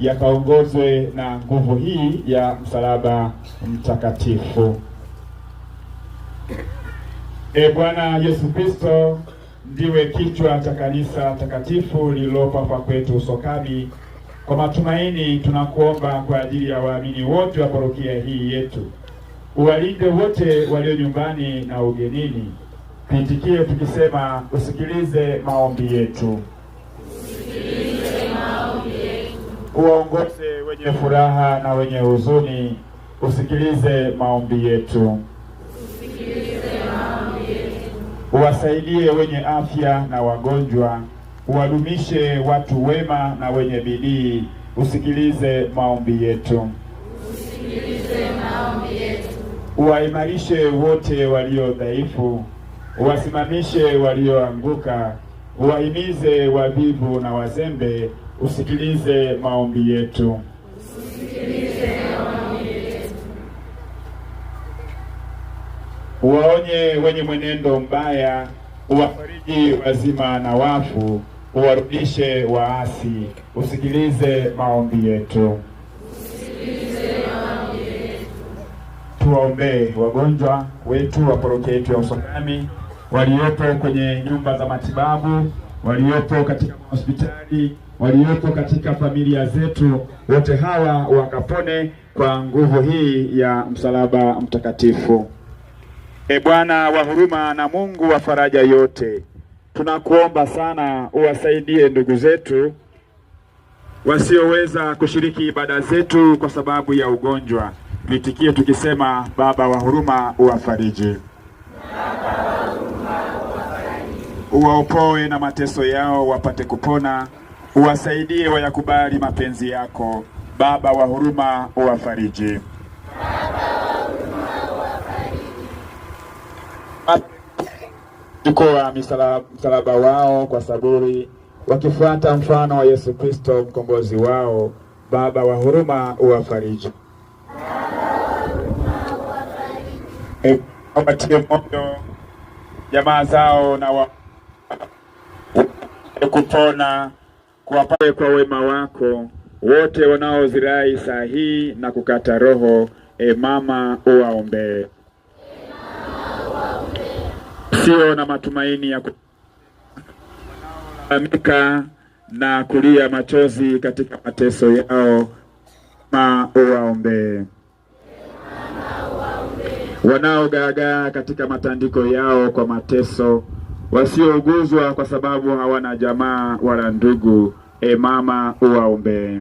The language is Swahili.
yakaongozwe na nguvu hii ya msalaba mtakatifu. E Bwana Yesu Kristo ndiwe kichwa cha kanisa takatifu lililopo hapa kwetu Usokani. Kwa matumaini tunakuomba kwa ajili ya waamini wote wa parokia hii yetu, uwalinde wote walio nyumbani na ugenini. Tuitikie tukisema, usikilize maombi yetu. uwaongoze wenye furaha na wenye huzuni, usikilize maombi yetu, uwasaidie wenye afya na wagonjwa, uwadumishe watu wema na wenye bidii, usikilize maombi yetu, uwaimarishe wote walio dhaifu, uwasimamishe walioanguka uwahimize wabibu na wazembe, usikilize maombi yetu. Uwaonye wenye mwenendo mbaya, uwafariji wazima na wafu, uwarudishe waasi, usikilize maombi yetu. Tuwaombee wagonjwa wetu wa parokia yetu ya Usokami waliopo kwenye nyumba za matibabu, waliopo katika hospitali, waliopo katika familia zetu, wote hawa wakapone kwa nguvu hii ya msalaba mtakatifu. E Bwana wa huruma na Mungu wa faraja yote, tunakuomba sana uwasaidie ndugu zetu wasioweza kushiriki ibada zetu kwa sababu ya ugonjwa. Nitikie tukisema: Baba wa huruma, uwafariji. uwaopoe na mateso yao wapate kupona, uwasaidie wayakubali mapenzi yako. Baba wa huruma, uwafariji. Chukua msalaba wao kwa saburi, wakifuata mfano wa Yesu Kristo mkombozi wao. Baba wa huruma, uwafariji. Wapatie moyo jamaa zao na wa kupona kuwapate kwa wema wako wote wanaozirai saa hii na kukata roho. E mama, uwaombee. Sio na matumaini ya kulalamika na kulia machozi katika mateso yao, ma uwaombee. Wanaogaagaa katika matandiko yao kwa mateso wasiouguzwa kwa sababu hawana jamaa wala ndugu. E mama, uwaombee.